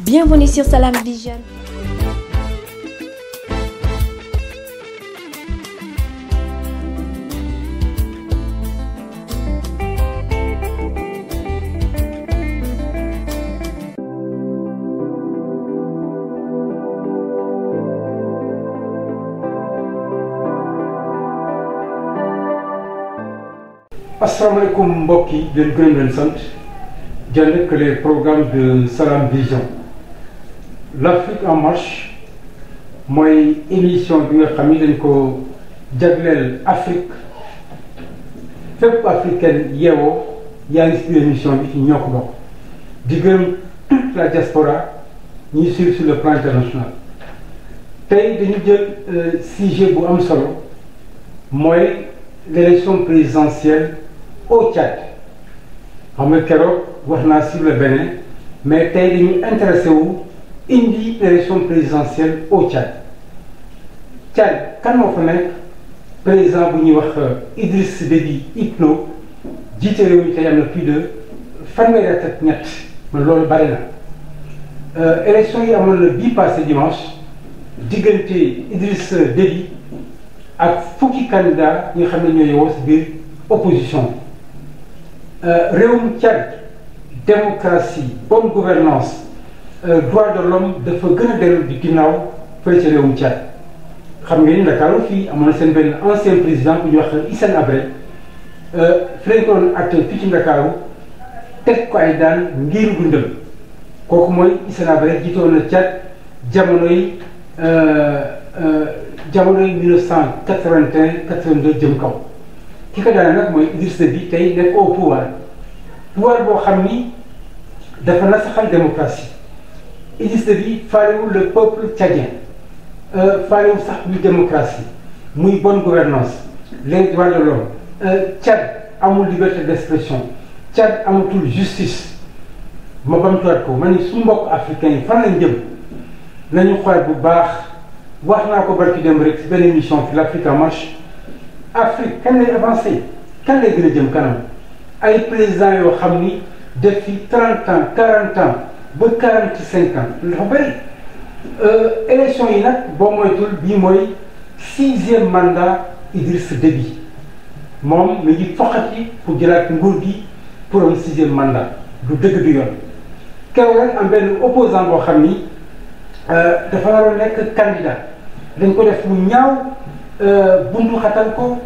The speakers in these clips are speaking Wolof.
Bienvenue sur Salam Vision. asalaamaaleykum mbokk yi di leen gërëm leen sant jàll que les programmes de Salam Vision. l'Afrique en marche mooy émission bi nga xam ni dañ ko jagleel Afrique fépp africaine yeewoo yaa ngi si bi ci ñoo ko bokk di gërëm toute la diaspora ñuy suivre sur le plan international tey dañu jël euh, sujet bu am solo mooy l'élection présidentielle au Tchad xam nga keroog wax naa sur le Bénin mais tey dañuy intéressé wu indi élection présidentielle au Tchad Tchad kan moo fa nekk président bu ñuy wax euh, Idriss Déby Itno jiite réew mi tey am na plus de fanweeri at ak ñett man loolu bare na euh, élection yi amoon na bii passé dimanche diggante Idriss Déby ak fukki candidat yi xam ne ñoo yowoo si biir opposition euh, réewum Tchad démocratie bonne gouvernance Euh, droit de l'homme dafa gën a dellu di ginnaaw fay ca réewum Tchad xam ngeen ni Ndakaaru fii amoon na seen benn ancien président bu ñuy wax Hissène Habré euh, fi lañ ko ci Ndakaaru teg ko ay daan ngir dundam kooku mooy Hissène Habré jiite woon na Tchad jamono yi jamono yi 1981 82 jëm kaw ki ko daane nag mooy Idrissa bi tey nekk au pouvoir pouvoir boo xam ni dafa nasaxal démocratie existe bi faalewul le peuple tchadien euh, faalewul sax ñu démocratie muy bon gouvernance les droits de l'homme euh, Tchad amul liberté d'expression Tchad amatul justice ma bamtuwaat ko ma ni su mbokk africain yi fan lañ jëm nañu xool bu baax wax naa ko barki dem rek si émission fi l'Afrique en marche Afrique kan lay avancé kan lay jëm kanam ay présidents yoo xam ni def fi trente ans quarante ans ba quarante cinq ans dafa bëri euh, élection yi nag boo moytul bii mooy sixième mandat Idriss Déby moom mi ngi foqati pour jëlaat nguur gi pour am sixième mandat du dëgg du yoon keroog rek am benn opposant boo xam ni euh, dafa waroon nekk candidat dañ ko def mu ñaaw euh, bundu xatal ko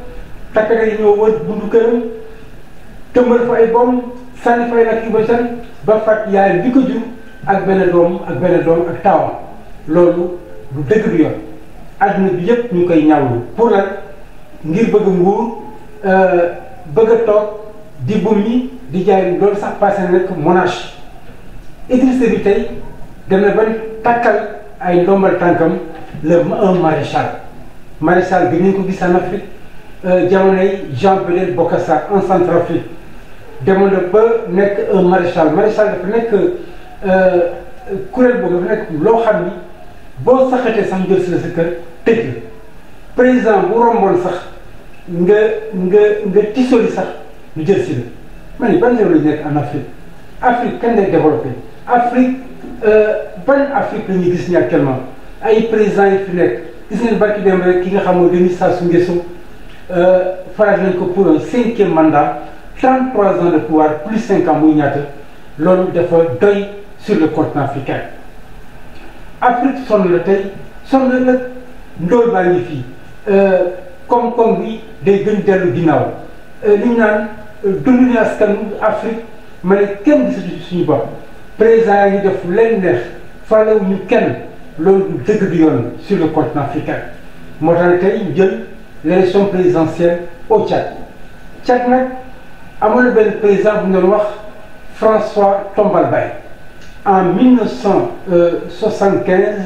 takkare yi ñoo wër bundu tëmbal fa ay bom sànni fa ay nag yu ba ba fat yaay bi ko jur ak benn doom ak benn doom ak taawam loolu lu dëgg du yoon àdduna bi yëpp ñu koy ñaawlu pour nag ngir bëgg nguur euh, bëgg a toog di bum yi di jaay loolu sax passé nag monage Idrissa bi tey dem na ban ay ndombal tànkam le un maréchal maréchal bi nañ ko gis en Afrique euh, jamonoy Jean Blaise Bokassa en Centrafrique demoon na ba nekk un maréchal maréchal dafa nekk Euh, kuréel boobu dafa loo xam ni boo saxatee sax jël si la sa kër tëj la président bu romboon sax nga nga nga tisoli sax ñu jël si la ma ban réew lañu nekk en Afrique Afrique kenn lay développé Afrique euh, ban Afrique la ñuy gis ni actuellement ay président yi fi nekk gis ngeen barki dem rek ki nga xam mooy Denis Sassou Nguesso euh, faral nañ ko pour un cinquième mandat 33 ans de pouvoir plus 5 ans muy ñaata doy sur le continent africain Afrique sonn la tey sonn la ndóol baa ngi fii euh, koom-koom bi day gën dellu ginnaaw euh, li ñu naan euh, dundu na askan Afrique ma ne kenn gisatu suñu bopp président yaa ngi def leen neex fàllewu ñu kenn loolu du dëgg du yoon sur le continent africain moo tax tey jël l'élection présidentielle au Tchad Tchad nag amoon na benn président bu ñu wax François Tombalbaye en 1975 euh,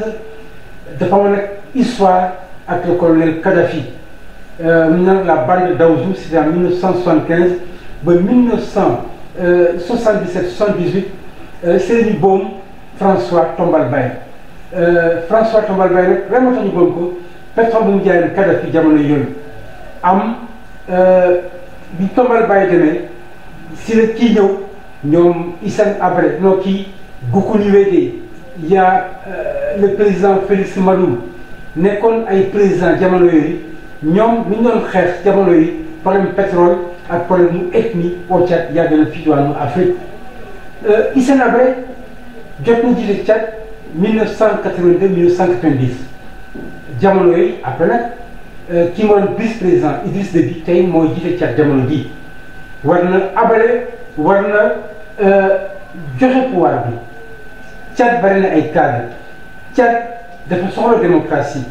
dafa amoon nag histoire ak le colonel Kadhafi euh, mu nag la barrière d'Aouzou c'était en 1975 ba 1977 78 Seyni Boom François Tombal Baye euh, François Tombal jamono yooyu am bi Tombal Baye demee si la kii ñëw ñoom Hissène Habré noo kii. Goukou Niwédé il euh, le président Félix Malou nekkoon ay président jamono yooyu ñoom ñu doon xeex jamono yi problème pétrole ak problème mu ethnie au Tchad yàgg na fii diwaanu Afrique Hissène euh, Habré jot na jiite Tchad 1982 1990 jamono yooyu après nag euh, ki nga doon vice président Idriss bi tey mooy jiite Tchad jamono jii war na abale war na joxe pouvoir bi. Tchad bari na ay cadre car dafa soxla démocratie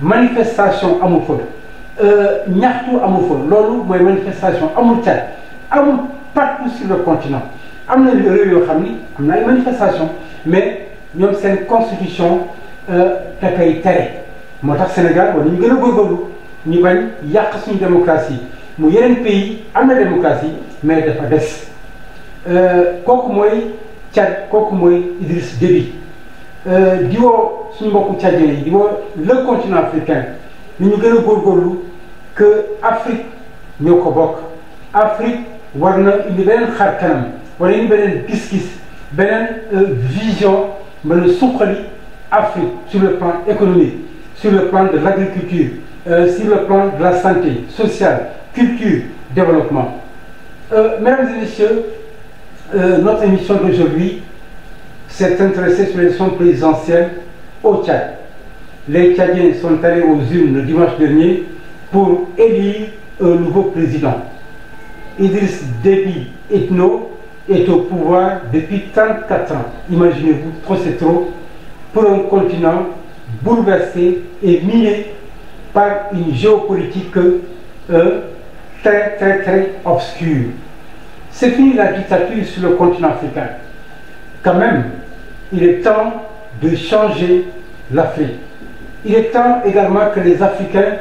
manifestation amul fa euh, ñaxtu amul fa loolu mooy manifestation amul Tchad amul partout sur le continent am na réew yoo xam ni am na ay manifestation mais ñoom seen constitution euh, da koy moo tax Sénégal war nañu gën a góorgóorlu ñu bañ yàq suñu démocratie mu yeneen pays am na démocratie mais dafa des euh, kooku mooy Tchad kooku mooy Idriss Déby euh, di woo suñu mbokku tchadiens yi di woo le continent africain ni ñu gën a góorgóorlu que Afrique ñoo ko bokk Afrique war na indi beneen xar kanam wala indi beneen gis-gis beneen euh, vision mën a suqali Afrique sur le plan économique sur le plan de l'agriculture euh, sur le plan de la santé sociale culture développement mesdames et Euh, notre émission d'aujourd'hui s'est intéressée sur l'élection présidentielle au Tchad. Les Tchadiens sont allés aux urnes le dimanche dernier pour élire un nouveau président. Idriss Déby Etno est au pouvoir depuis 34 ans. Imaginez-vous, trop c'est trop, pour un continent bouleversé et miné par une géopolitique euh, très très très obscure. C'est fini la dictature sur le continent africain. Quand même, il est temps de changer l'Afrique. Il est temps également que les Africains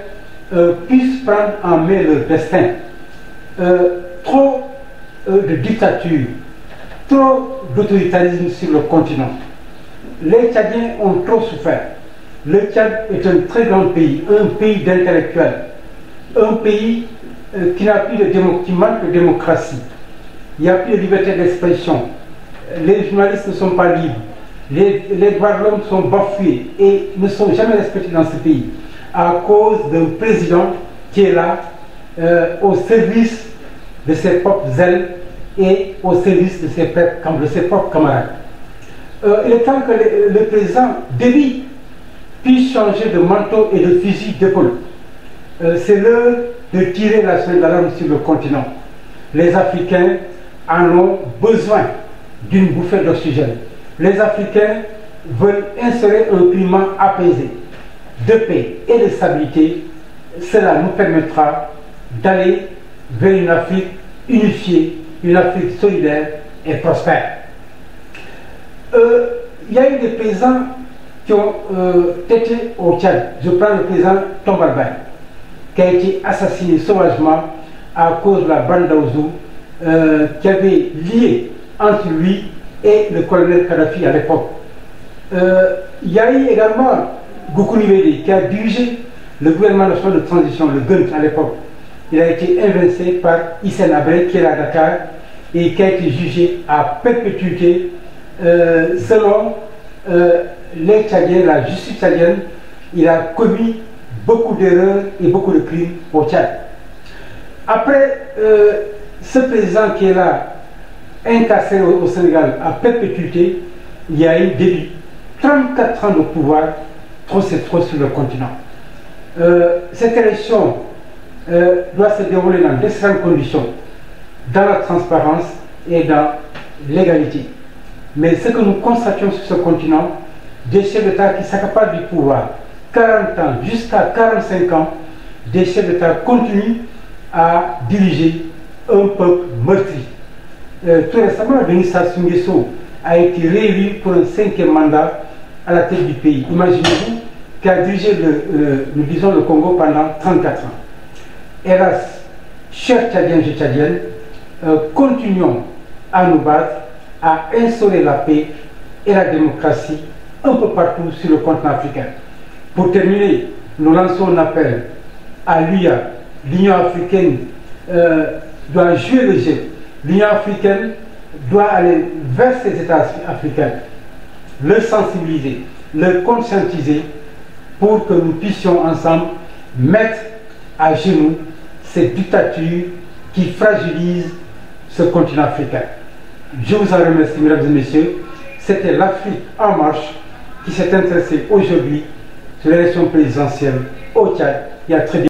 euh, puissent prendre en main leur destin. Euh, trop euh, de dictature, trop d'autoritarisme sur le continent. Les Tchadiens ont trop souffert. Le Tchad est un très grand pays, un pays d'intellectuels, un pays euh, qui n'a plus de démocratie. Il n'y a plus de liberté d'expression. Les journalistes ne sont pas libres. Les, les droits de l'homme sont bafoués et ne sont jamais respectés dans ce pays à cause d'un président qui est là euh, au service de ses propres ailes et au service de ses, propres, de ses propres camarades. il est temps que le, le président Déby puisse changer de manteau et de fusil d'épaule. Euh, C'est l'heure de tirer la sonnette d'alarme sur le continent. Les Africains en ont besoin d'une bouffée d'oxygène. Les Africains veulent insérer un climat de paix et de stabilité. Cela nous permettra d'aller vers une Afrique unifiée, une Afrique solidaire et prospère. Euh, il y a eu des paysans qui ont euh, au Tchad. Je prends le paysan Tombalbaï, qui a été assassiné sauvagement à cause de la bande d'Aouzou euh, qui avait lié entre lui et le colonel Kadhafi à l'époque. Euh, également Goukouni Vélé qui a dirigé le gouvernement national de transition, le GUNT à l'époque. Il a été invincé par Hissène Abré qui est à Dakar et qui a été jugé à perpétuité euh, selon euh, les Tchadiens, la justice tchadienne. Il a commis beaucoup d'erreurs et beaucoup de crimes au Tchad. Après, euh, ce président qui est là, incarcéré au, Sénégal à perpétuité, il y a eu début. 34 ans de pouvoir, trop c'est trop sur le continent. Euh, cette élection euh, doit se dérouler dans d'excellentes conditions, dans la transparence et dans l'égalité. Mais ce que nous constatons sur ce continent, des chefs d'État qui s'accaparent du pouvoir 40 ans jusqu'à 45 ans, des chefs d'État continuent à diriger un peuple meurtri. Euh, tout récemment, Denis Sassou Nguesso a été réélu pour un cinquième mandat à la tête du pays. Imaginez-vous qui a dirigé le, euh, le, disons, Congo pendant 34 ans. Hélas, chers Tchadiens et Tchadiennes, euh, à nous battre, à instaurer la paix et la démocratie un peu partout sur le continent africain. Pour terminer, nous lançons un à l'UIA, l'Union africaine euh, doit jouer le jeu. L'Union africaine doit aller vers ces États africains, les sensibiliser, les conscientiser pour que nous puissions ensemble mettre à genoux ces dictatures qui fragilisent ce continent africain. Je vous en remercie, mesdames et messieurs. C'était l'Afrique en marche qui s'est intéressée aujourd'hui sur l'élection présidentielle au Tchad. Il y a très bien